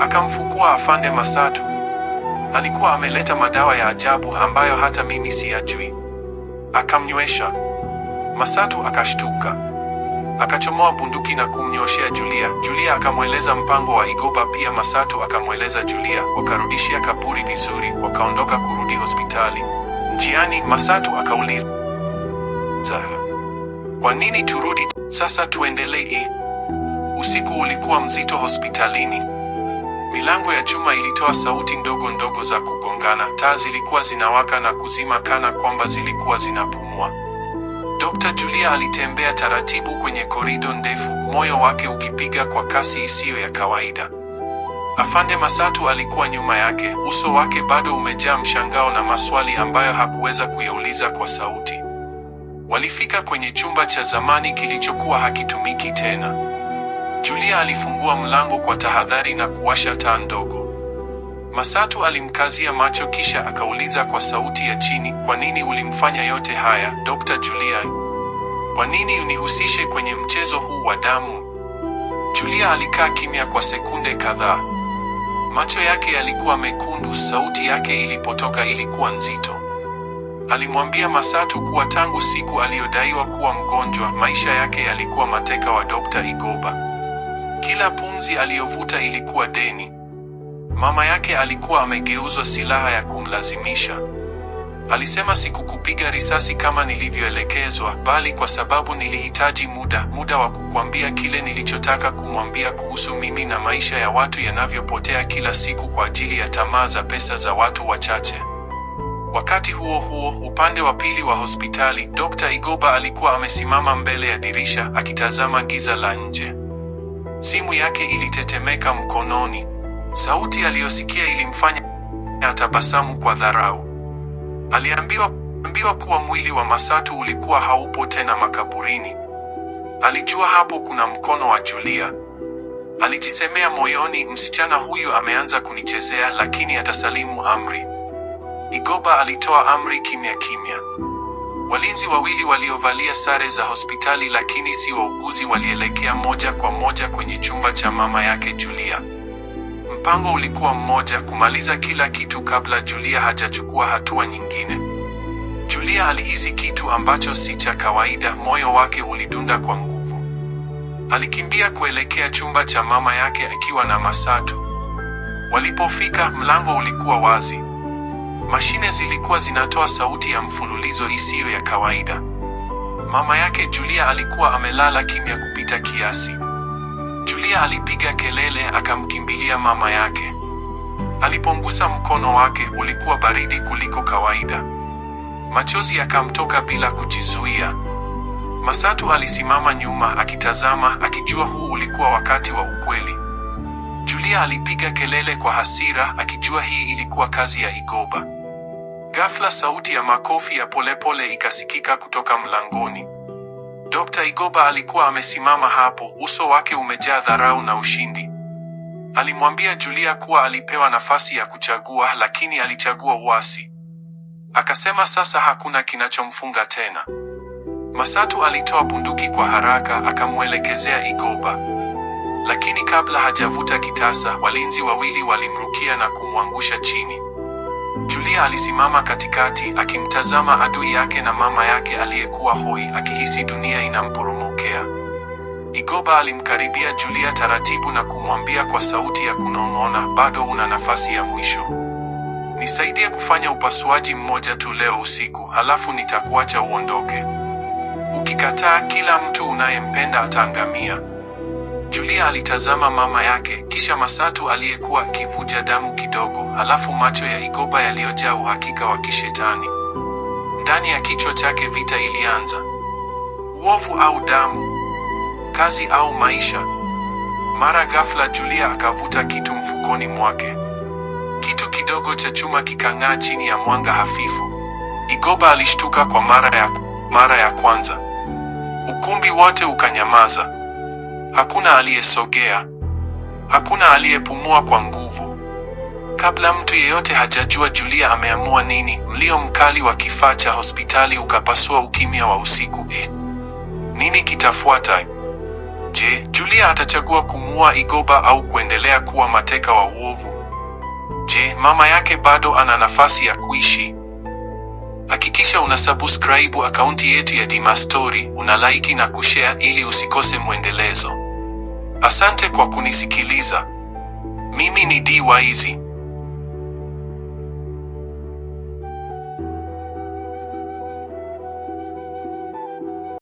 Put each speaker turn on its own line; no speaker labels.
Akamfukua afande Masatu. Alikuwa ameleta madawa ya ajabu ambayo hata mimi siyajui. Akamnywesha. Masatu akashtuka, akachomoa bunduki na kumnyoshea Julia. Julia akamweleza mpango wa Igoba, pia Masatu akamweleza Julia. Wakarudishia kaburi vizuri, wakaondoka kurudi hospitali. Njiani Masatu akauliza, kwa nini turudi sasa? Tuendelee. Usiku ulikuwa mzito hospitalini. Milango ya chuma ilitoa sauti ndogo ndogo za kugongana. Taa zilikuwa zinawaka na kuzima kana kwamba zilikuwa zinapumua. Dr. Julia alitembea taratibu kwenye korido ndefu, moyo wake ukipiga kwa kasi isiyo ya kawaida. Afande Masatu alikuwa nyuma yake, uso wake bado umejaa mshangao na maswali ambayo hakuweza kuyauliza kwa sauti. Walifika kwenye chumba cha zamani kilichokuwa hakitumiki tena. Julia alifungua mlango kwa tahadhari na kuwasha taa ndogo. Masatu alimkazia macho kisha akauliza kwa sauti ya chini, kwa nini ulimfanya yote haya, Dr. Julia? Kwa nini unihusishe kwenye mchezo huu wa damu? Julia alikaa kimya kwa sekunde kadhaa. Macho yake yalikuwa mekundu, sauti yake ilipotoka ilikuwa nzito. Alimwambia Masatu kuwa tangu siku aliyodaiwa kuwa mgonjwa, maisha yake yalikuwa mateka wa Dr. Igoba. Kila pumzi aliyovuta ilikuwa deni. Mama yake alikuwa amegeuzwa silaha ya kumlazimisha. Alisema, sikukupiga risasi kama nilivyoelekezwa, bali kwa sababu nilihitaji muda, muda wa kukwambia kile nilichotaka kumwambia kuhusu mimi na maisha ya watu yanavyopotea kila siku kwa ajili ya tamaa za pesa za watu wachache. Wakati huo huo, upande wa pili wa hospitali, Dr. Igoba alikuwa amesimama mbele ya dirisha akitazama giza la nje. Simu yake ilitetemeka mkononi. Sauti aliyosikia ilimfanya atabasamu kwa dharau. Aliambiwa ambiwa kuwa mwili wa Masatu ulikuwa haupo tena makaburini. Alijua hapo kuna mkono wa Julia. Alijisemea moyoni, msichana huyu ameanza kunichezea, lakini atasalimu amri. Igoba alitoa amri kimya kimya. Walinzi wawili waliovalia sare za hospitali lakini si wauguzi walielekea moja kwa moja kwenye chumba cha mama yake Julia. Mpango ulikuwa mmoja, kumaliza kila kitu kabla Julia hajachukua hatua nyingine. Julia alihisi kitu ambacho si cha kawaida, moyo wake ulidunda kwa nguvu. Alikimbia kuelekea chumba cha mama yake akiwa na masatu Walipofika, mlango ulikuwa wazi. Mashine zilikuwa zinatoa sauti ya mfululizo isiyo ya kawaida. Mama yake Julia alikuwa amelala kimya kupita kiasi. Julia alipiga kelele, akamkimbilia mama yake. Alipongusa mkono wake, ulikuwa baridi kuliko kawaida. Machozi yakamtoka bila kujizuia. Masatu alisimama nyuma akitazama, akijua huu ulikuwa wakati wa ukweli. Julia alipiga kelele kwa hasira, akijua hii ilikuwa kazi ya Igoba. Ghafla sauti ya makofi ya polepole pole ikasikika kutoka mlangoni. Dr. Igoba alikuwa amesimama hapo, uso wake umejaa dharau na ushindi. Alimwambia Julia kuwa alipewa nafasi ya kuchagua, lakini alichagua uasi. Akasema sasa hakuna kinachomfunga tena. Masatu alitoa bunduki kwa haraka, akamwelekezea Igoba, lakini kabla hajavuta kitasa, walinzi wawili walimrukia na kumwangusha chini. Julia alisimama katikati akimtazama adui yake na mama yake aliyekuwa hoi, akihisi dunia inamporomokea. Igoba alimkaribia Julia taratibu na kumwambia kwa sauti ya kunong'ona, bado una nafasi ya mwisho. Nisaidie kufanya upasuaji mmoja tu leo usiku, halafu nitakuacha uondoke. Ukikataa, kila mtu unayempenda ataangamia. Julia alitazama mama yake, kisha Masatu aliyekuwa akivuja damu kidogo, halafu macho ya Igoba yaliyojaa uhakika wa kishetani. Ndani ya kichwa chake vita ilianza. Uovu au damu, kazi au maisha. Mara ghafla, Julia akavuta kitu mfukoni mwake. Kitu kidogo cha chuma kikang'aa chini ya mwanga hafifu. Igoba alishtuka kwa mara ya, mara ya kwanza. Ukumbi wote ukanyamaza. Hakuna aliyesogea, hakuna aliyepumua kwa nguvu. Kabla mtu yeyote hajajua Julia ameamua nini, mlio mkali wa kifaa cha hospitali ukapasua ukimya wa usiku. E, nini kitafuata? Je, Julia atachagua kumuua Igoba au kuendelea kuwa mateka wa uovu? Je, mama yake bado ana nafasi ya kuishi? Hakikisha una subscribe akaunti yetu ya Dima Story, una like na kushare ili usikose mwendelezo. Asante kwa kunisikiliza. Mimi ni Dee Waizi.